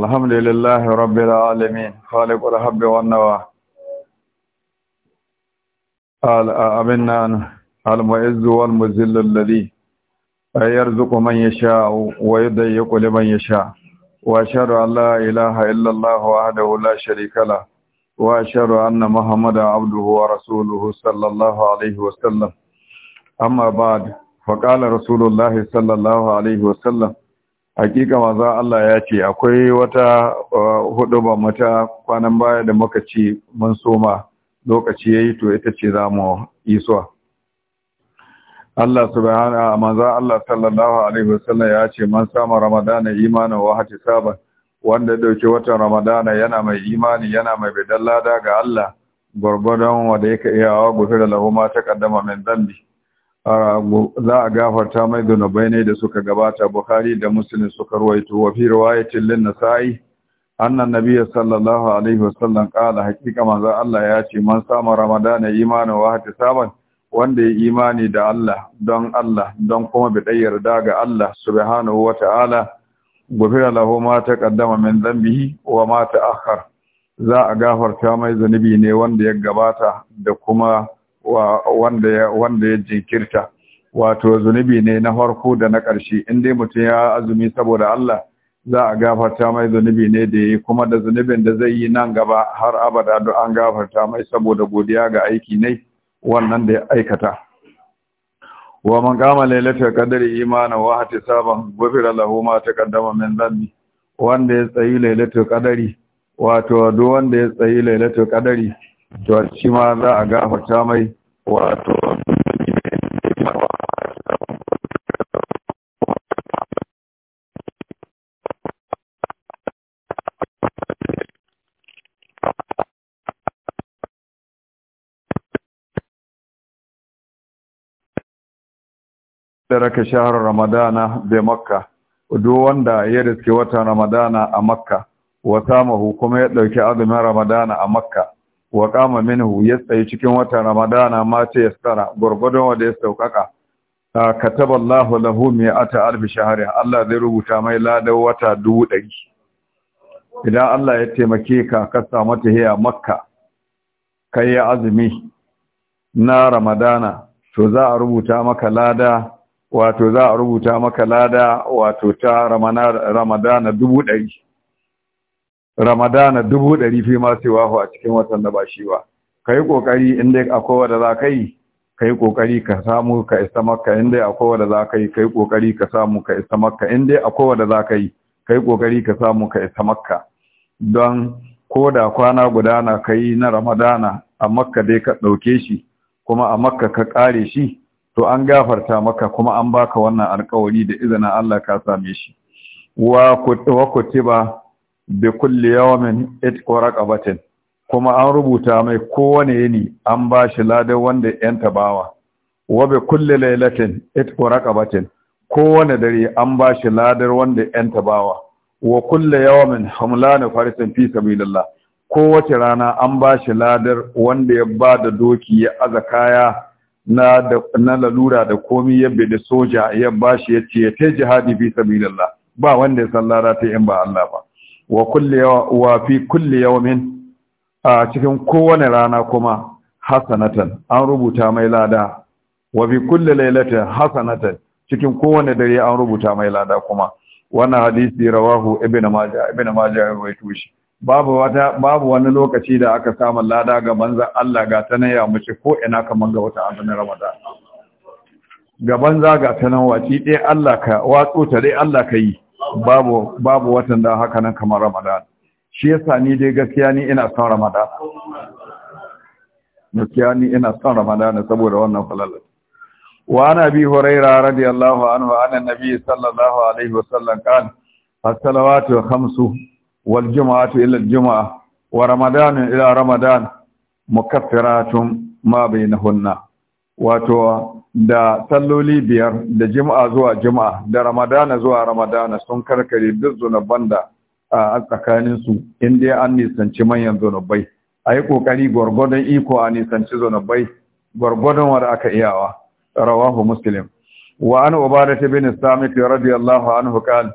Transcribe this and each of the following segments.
الحمد لله رب العالمين خالق الحب والنوى أمنا المعز والمزل الذي يرزق من يشاء ويضيق لمن يشاء وأشهد أن لا إله إلا الله وحده لا شريك له وأشهد أن محمد عبده ورسوله صلى الله عليه وسلم أما بعد فقال رسول الله صلى الله عليه وسلم hakika maza Allah ya ce akwai wata hudu ba mata kwanan baya da muka ci mun soma lokaci yayi to ita ce za mu isuwa Allah subhanahu maza Allah sallallahu alaihi wasallam ya ce man sama ramadana imanin wa sabon wanda dauke watan ramadana yana mai imani yana mai bidan lada ga Allah gwargwadon wanda yake iyawa da lahu ta kaddama min dambi za a gafarta mai zunubai ne da suka gabata Bukhari da Muslim suka ruwaito wa fi riwayatin lin Nasa'i annan nabiyyi sallallahu alaihi wasallam Kala hakika manzo Allah ya ce man sama ramadana imanin wa ihtisaban wanda ya imani da Allah don Allah don kuma bi dai yarda ga Allah subhanahu wa ta'ala gufira lahu ma taqaddama min dhanbihi wa ma ta'akhkhar za a gafarta mai zunubi ne wanda ya gabata da kuma wanda ya jinkirta wato zunubi ne na farko da na ƙarshe in dai mutum ya azumi saboda Allah za a gafarta mai zunubi ne da yi kuma da zunubin da zai yi nan gaba har abada da an gafarta mai saboda godiya ga aiki ne wannan da ya aikata wa man qama lailatul qadri imanan wa ihtisaban ghufira lahu ma taqaddama min dhanbi wanda ya tsayi lailatul qadri wato duk wanda ya tsayi lailatul qadri to shi ma za a gafarta mai wato daraka shahar ramadana da makka duk wanda ya riske watan ramadana a makka wa samahu kuma ya ɗauki azumin ramadana a makka wa kama minhu ya tsaye cikin wata ramadana ma ya yassara gurgudun wanda ya saukaka kataba Allahu lahu mi'ata alf shahri Allah zai rubuta mai ladan wata dubu ɗari idan Allah ya taimake ka ka samu tahiya makka kai ya azumi na ramadana to za a rubuta maka lada wato za a rubuta maka lada wato ta ramadana dubu ɗari ramadana dubu ɗari fi ma sai wahu a cikin watan da ba shi ba ka yi ƙoƙari inda akwai wanda za ka yi ka yi ƙoƙari ka samu ka isa makka inda akwai wanda za ka yi ka yi ƙoƙari ka samu ka isa makka inda akwai wanda za ka yi ka yi ƙoƙari ka samu ka isa makka don ko da kwana guda na ka yi na ramadana a makka dai ka ɗauke shi kuma a makka ka ƙare shi to an gafarta maka kuma an baka wannan alƙawari da izinin Allah ka same shi wa ba. bi kulli yawmin itqu raqabatin kuma an rubuta mai kowane yini an ba shi ladan wanda yan tabawa wa bi kulli lailatin itqu raqabatin kowane dare an ba shi ladar wanda yan tabawa wa kulli yawmin hamlan farisan fi sabilillah kowace rana an ba shi ladar wanda ya ba da doki ya aza kaya na lalura da komi ya da soja ya bashi shi ya ce ya ta jihadi fi sabilillah ba wanda ya san lada ta in ba Allah ba wa fi kulli yawmin a cikin kowane rana kuma hasanatan an rubuta mai lada wa fi kulli lailatin hasanatan cikin kowane dare an rubuta mai lada kuma wannan hadisi rawahu ibn majah ibn majah ya shi babu wata babu wani lokaci da aka samu lada ga manzon Allah ga ta ya mace ko ina kaman ga wata azumin Ramadan gaban zaga ta nan waci dai Allah ka watsu ta dai Allah ka yi babu babu watan da haka nan kamar ramadan shi yasa ni dai gaskiya ni ina son ramadan gaskiya ni ina son ramadan saboda wannan falala wa ana bi huraira radiyallahu anhu ana nabi sallallahu alaihi wasallam kan as-salawatu khamsu wal jumu'atu ila al-jumu'ah wa ramadan ila ramadan mukaffiratun ma bainahunna wato da salloli biyar da jima'a zuwa jima'a da ramadana zuwa ramadana sun karkare duk zunuban da a tsakaninsu in dai an nisanci manyan zunubai a yi ƙoƙari gwargwadon iko a nisanci zunubai gwargwadon wanda aka iyawa rawahu muslim wa an ta bin samit radiyallahu anhu qala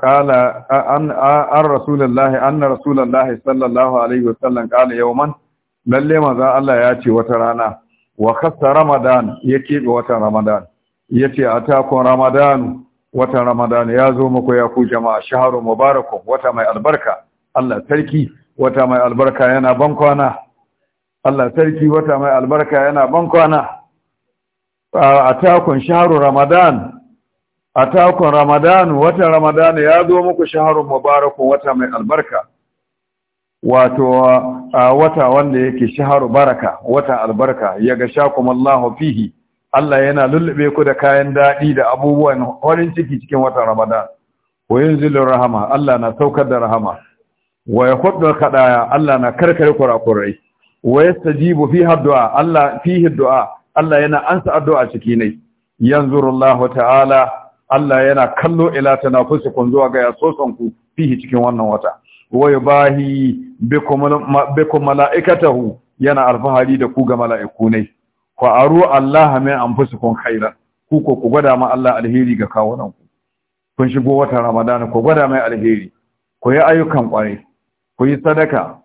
kala an An رسول الله ان sallallahu alaihi wasallam kala yau man. lalle maza Allah ya ce wata rana wa kasa ramadan ya keɓe watan ramadan ya ce a takon ramadan, watan ramadan ya zo muku ya ku jama'a shaharu mubarakun wata mai albarka Allah sarki wata mai albarka yana ban kwana Allah sarki wata mai albarka yana ban kwana a takon shaharu ramadan a takon ramadan watan ramadan ya zo muku shaharu mubarakun wata mai albarka wato a wata wanda yake shaharu baraka wata albarka ya ga "Allahu fihi Allah yana lullube ku da kayan daɗi da abubuwan horin ciki cikin watan Ramadan wa yunzilu rahama Allah na saukar da rahama wa yakhuddu khadaya Allah na karkare kurakurai wa yastajibu fiha du'a Allah fihi du'a Allah yana ansa addu'a ciki ne yanzurullahu ta'ala Allah yana kallo ila tanafusukum zuwa ga yasosan ku fihi cikin wannan wata wa yubahi bikum malaikatahu yana alfahari da ku ga mala'iku ne fa aru Allah min anfusikum khairan ku ko ku gwada ma Allah alheri ga kawunan ku kun shigo watan Ramadana ku gwada mai alheri ku yi ayyukan kwarai ku yi sadaka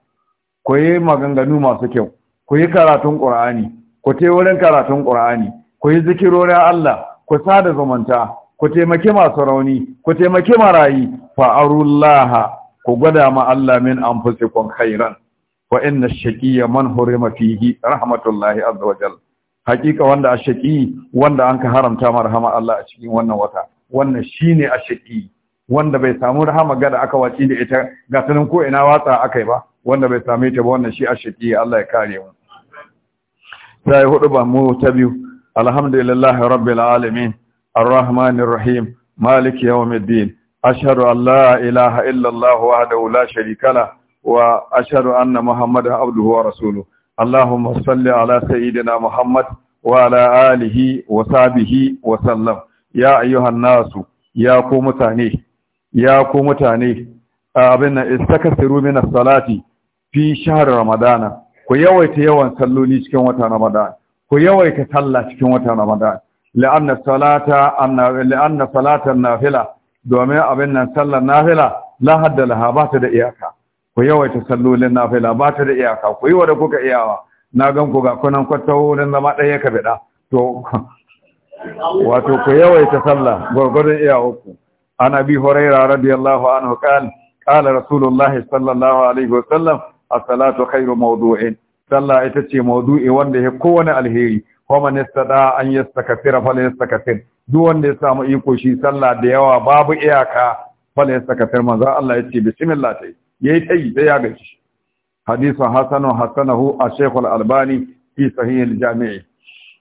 ku yi maganganu masu kyau ku yi karatun Qur'ani ku te wurin karatun Qur'ani ku yi zikirorin Allah ku sada zumunta ku taimaki masu rauni ku taimaki marayi fa arullaha ku gwada ma Allah min anfusikum khairan wa inna ash-shaqiyya man hurima fihi rahmatullahi azza wa jalla hakika wanda ashaqi wanda anka haramta ma rahama Allah a cikin wannan wata wannan shine ashaqi wanda bai samu rahama gada aka waci da ita ga sanin ko ina watsa akai ba wanda bai same ta ba wannan shi ashaqi Allah ya kare mu sai hudu ba mu ta biyu alhamdulillahi rabbil alamin arrahmanir rahim maliki yawmiddin أشهد أن لا إله إلا الله وحده لا شريك له وأشهد أن محمدا عبده ورسوله اللهم صل على سيدنا محمد وعلى آله وصحبه وسلم يا أيها الناس يا قومتاني يا قومتاني أبنا استكثروا من الصلاة في شهر رمضان ويويت يوان صلولي cikin watan Ramadan ku yawaita sallah cikin watan Ramadan la'anna salata anna la'anna salatan nafila domin abin nan sallar nafila la hadda laha ba ta da iyaka ku yawaita sallolin nafila ba ta da iyaka ku yi wa da kuka iyawa na gan ku ga kunan kwatawo zama ɗaya ka biɗa to wato ku yawaita sallah gwargwadon iyawarku ana bi huraira radiyallahu anhu qala qala rasulullahi sallallahu alaihi wasallam as-salatu khairu mawdu'in sallah ita ce maudu'i wanda ya kowane alheri kuma ne sada an yi sakafira fala ya sakafir duk wanda ya samu iko shi sallah da yawa babu iyaka fala ya sakafir manzo Allah ya ce bismillah tai yayi tai sai ya gaji hadithu hasanu hasanahu a shaykh al-albani fi sahih al-jami'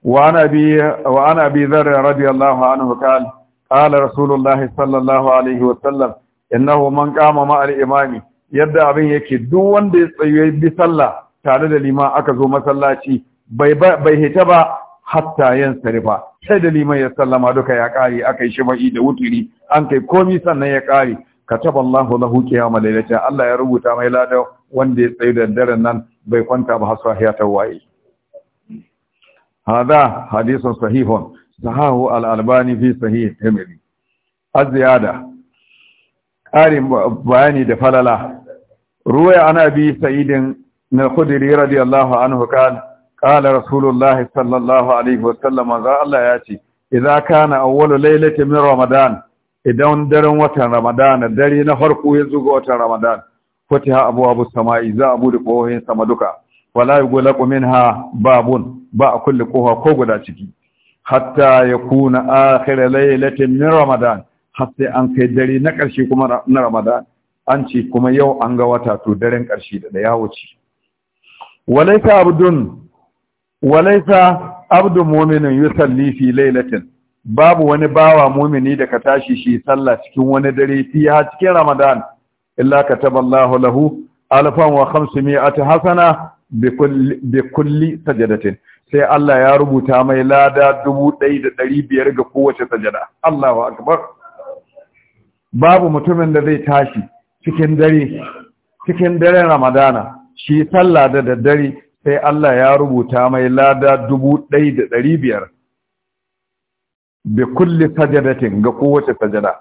wa ana bi wa ana bi dhar radiyallahu anhu qala qala rasulullah sallallahu alaihi wa sallam innahu man qama ma'a al-imami yadda abin yake duk wanda ya tsaye bi sallah tare da liman aka zo masallaci bai hita ba hatta yan sarifa sai da liman ya sallama duka ya kare aka yi shima'i da wuturi an kai komi sannan ya kare kataba Allahu lahu qiyama lailatin Allah ya rubuta mai ladan wanda ya tsaye da daren nan bai kwanta ba har sahiya ta waye hada hadisun sahihun sahahu al-albani fi sahih tirmidhi az-ziyada qarin bayani da falala ruwaya ana bi sa'idin من الخدري رضي الله عنه قال قال رسول الله صلى الله عليه وسلم ذا الله ياتي إذا كان أول ليلة من رمضان idan daren watan Ramadan da dare na farko ya zuga watan Ramadan fatiha abu abu sama'i za a bude kohohin sama duka wala yughlaqu minha babun ba a kulle koha ko guda ciki hatta yakuna akhir laylatin min Ramadan har sai an kai dare na ƙarshe kuma na Ramadan an ce kuma yau an ga wata to daren ƙarshe da ya wuce walaisa abdun walaisa abdu mu'minin yusalli fi lailatin babu wani bawa mu'mini da ka tashi shi sallah cikin wani dare fi ha cikin ramadan illa kataballahu lahu alfan wa khamsimi'ati hasana bi kulli sajadatin sai Allah ya rubuta mai lada biyar ga kowace sajada Allahu akbar babu mutumin da zai tashi cikin dare cikin daren ramadana shi sallah da daddare sai Allah ya rubuta mai lada dubu ɗai da ɗari biyar da kulle sajadatin ga kowace sajada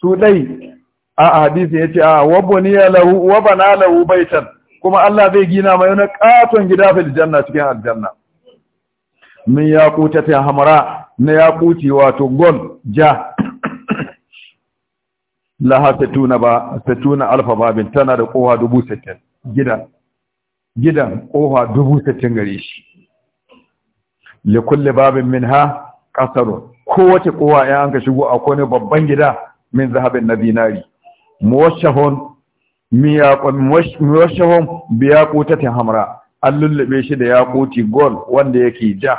su ɗai a hadisi ya ce a wabani ya lahu wabana lahu baitan kuma Allah zai gina mai wani ƙaton gida fil janna cikin aljanna min ta hamara na yaquti wato gol ja laha satuna ba satuna alfa babin tana da kowa dubu sittin gidan gidan kofa dubu sittin gare shi li kulle babin ha ƙasarun kowace kowa ya an ka shigo a kone babban gida min zahabin na zinari muwashshahun miyaqan muwashshahun hamra an lullube shi da ya ƙoti gol wanda yake ja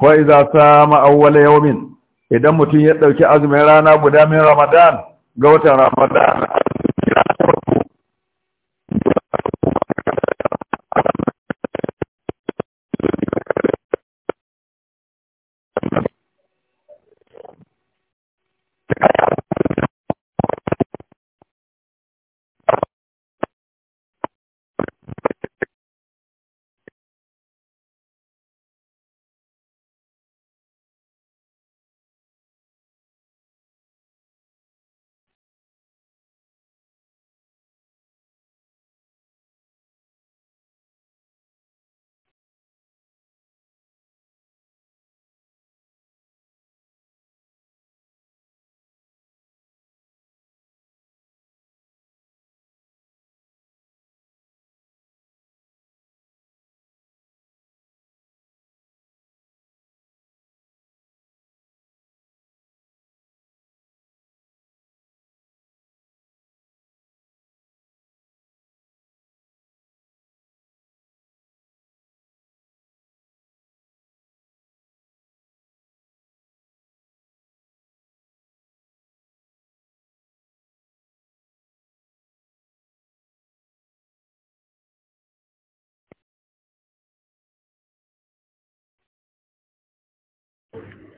wa idza sama awwal yawmin idan mutum ya ɗauki azumin rana guda min ramadan ga watan ramadan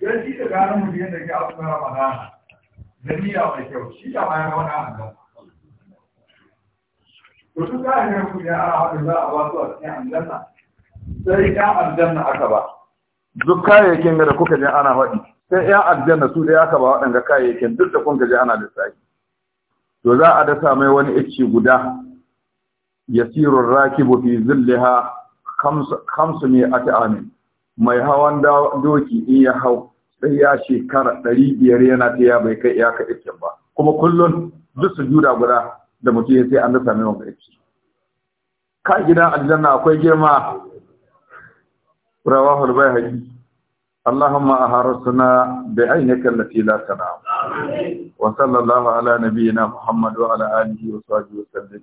yan shi da gane mu yadda ke azumin ramadana da niyya mai kyau shi da bayan wani hanga to duk da ne ku ya ara haɗu za a ba su a cikin aljanna sai ya aljanna aka ba duk kayayyakin da kuka je ana faɗi sai ya aljanna su da aka ba waɗanda kayayyakin duk da kun ga je ana lissafi to za a dasa mai wani icci guda yasirur rakibu fi zillaha khamsu khamsu mi'ati amin mai hawan doki in ya hau sai ya shekara ɗari biyar yana ta ya bai kai iyaka ikin ba kuma kullum duk su juda guda da mutum ya sai an nufa mai wanka ikin ka gidan aljanna akwai girma rawa hulbai haji allahumma a harasuna da ainihin lati la sana wa sallallahu ala nabiyina muhammadu ala alihi wa sallallahu alaihi wa sallam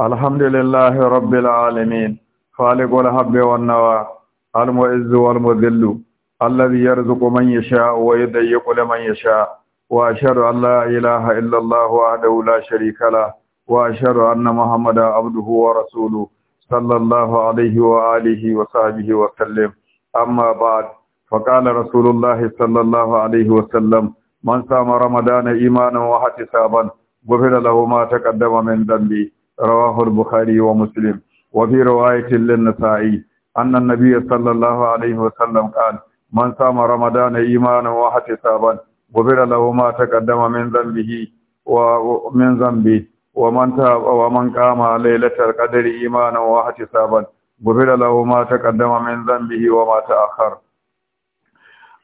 alhamdulillahi rabbil alamin khaliq wal habbi wan nawa al muizz wal mudhillu alladhi yarzuqu man yasha'u wa yudayyiqu liman yasha'u wa ashhadu an la ilaha illa allah wahdahu la sharika la wa ashhadu anna muhammadan abduhu wa rasuluhu sallallahu alayhi wa alihi wa sahbihi wa sallam amma ba'd faqala rasulullah sallallahu alayhi wa sallam man sama ramadana imanan wa ihtisaban ghufira lahu ma taqaddama min dhanbihi رواه البخاري ومسلم وفي رواية للنسائي أن النبي صلى الله عليه وسلم قال من صام رمضان إيمانا واحتسابا غفر له ما تقدم من ذنبه ومن ذنبه ومن تاب ومن قام ليلة القدر إيمانا واحتسابا غفر له ما تقدم من ذنبه وما تأخر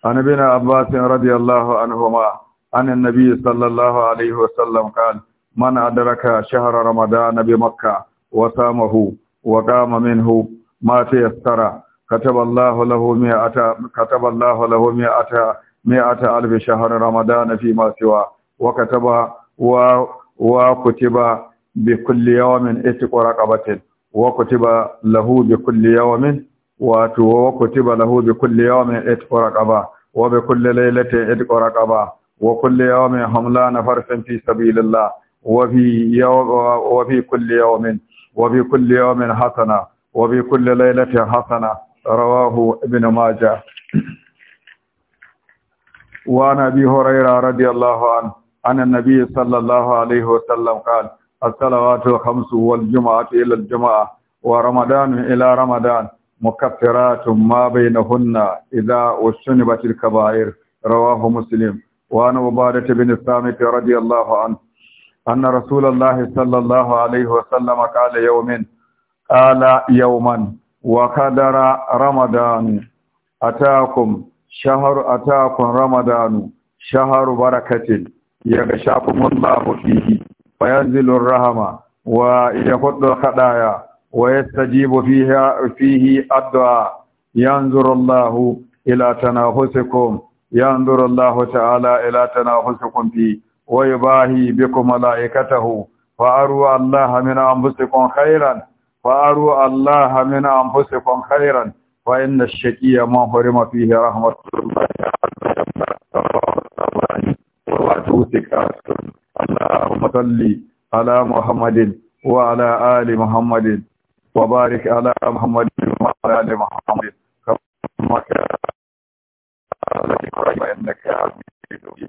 عن ابن عباس رضي الله عنهما عن النبي صلى الله عليه وسلم قال من أدرك شهر رمضان بمكة وصامه وقام منه ما تيسر كتب الله له مئة كتب الله له مئة مئة ألف شهر رمضان فيما سواه وكتب و وكتب بكل يوم اتق رقبة وكتب له بكل يوم وكتب له بكل يوم اتق رقبة وبكل ليلة اتق رقبة وكل يوم حملان فرس في سبيل الله وفي يوم وفي كل يوم وفي كل يوم حسنة وفي كل ليلة حسنة رواه ابن ماجه وعن أبي هريرة رضي الله عنه عن النبي صلى الله عليه وسلم قال الصلوات الخمس والجمعة إلى الجمعة ورمضان إلى رمضان مكفرات ما بينهن إذا اجتنبت الكبائر رواه مسلم وعن عبادة بن الصامت رضي الله عنه أن رسول الله صلى الله عليه وسلم قال يومين قال يوما وقدر رمضان أتاكم شهر أتاكم رمضان شهر بركة يغشاكم الله فيه وينزل الرحمة ويخد الخدايا ويستجيب فيها فيه الدعاء ينظر الله إلى تنافسكم ينظر الله تعالى إلى تنافسكم فيه ويباهي بكم ملائكته فاروا الله من انفسكم خيرا فاروا الله من انفسكم خيرا وان الشقي ما حرم فيه رحمه الله اللهم صل على محمد وعلى ال محمد وبارك على محمد وعلى ال محمد كما كان انك حميد مجيد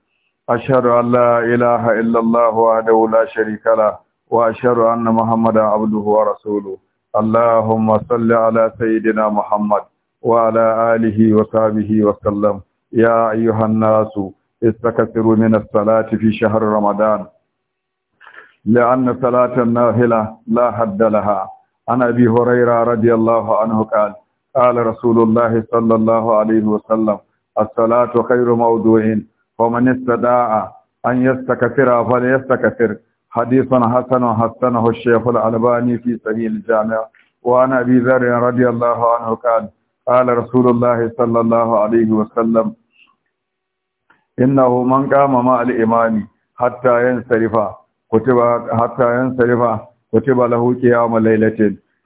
أشهد أن لا إله إلا الله وحده لا شريك له وأشهد أن محمدا عبده ورسوله اللهم صل على سيدنا محمد وعلى آله وصحبه وسلم يا أيها الناس استكثروا من الصلاة في شهر رمضان لأن صلاة النافلة لا حد لها عن أبي هريرة رضي الله عنه قال قال رسول الله صلى الله عليه وسلم الصلاة خير موضوع wa man istada'a an yastakfira fal yastakfir hadithun hasanun hasanahu ash-shaykh al-albani fi sahih al-jami' wa an abi dharr radiyallahu anhu qala qala rasulullah sallallahu alayhi wa sallam innahu man qama ma al-imami hatta yansarifa kutiba hatta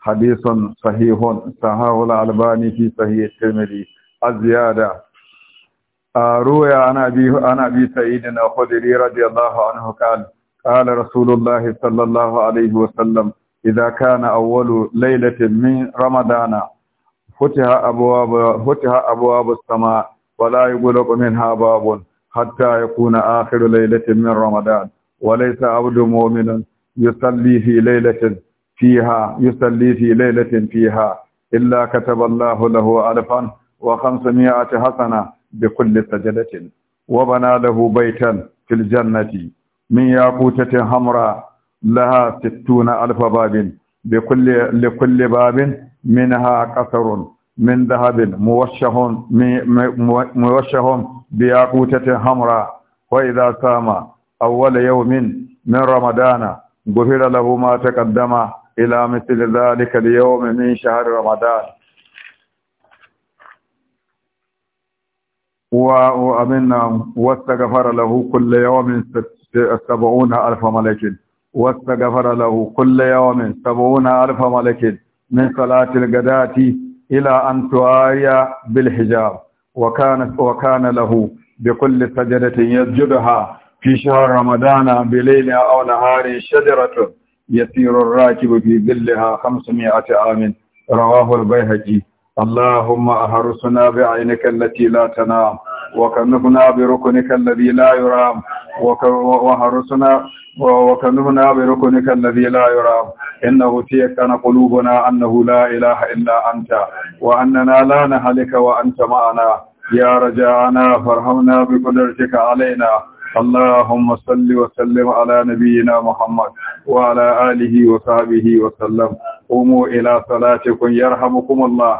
حديث صحيح صححه الألباني في صحيح الترمذي الزيادة روي عن أبي, عن أبي سيدنا خدري رضي الله عنه قال قال رسول الله صلى الله عليه وسلم إذا كان أول ليلة من رمضان فتح أبواب, فتح أبواب السماء ولا يغلق منها باب حتى يكون آخر ليلة من رمضان وليس عبد مؤمن يصلي في ليلة فيها يصلي في ليلة فيها إلا كتب الله له ألفا وخمسمائة حسنة بكل سجدة وبنى له بيتا في الجنة من ياقوتة حمراء لها ستون ألف باب بكل لكل باب منها قصر من ذهب موشح موشح بياقوتة حمراء وإذا سام أول يوم من رمضان غفر له ما تقدم إلى مثل ذلك اليوم من شهر رمضان وأمنا واستغفر له كل يوم سبعون ألف ملك واستغفر له كل يوم سبعون ألف ملك من صلاة الغداة إلى أن تؤايا بالحجاب وكانت وكان له بكل سجدة يسجدها في شهر رمضان بليل أو نهار شجرة يسير الراكب في ظلها خمسمائة عام رواه البيهجي اللهم أهرسنا بعينك التي لا تنام وكنفنا بركنك الذي لا يرام وهرسنا وكنفنا بركنك الذي لا يرام إنه تيكن قلوبنا أنه لا إله إلا أنت وأننا لا نهلك وأنت معنا يا رجاءنا فارحمنا بقدرتك علينا اللهم صل وسلم على نبينا محمد وعلى آله وصحبه وسلم قوموا إلى صلاتكم يرحمكم الله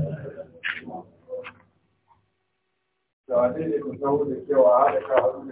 da wane ne ku samu da cewa haɗa kawo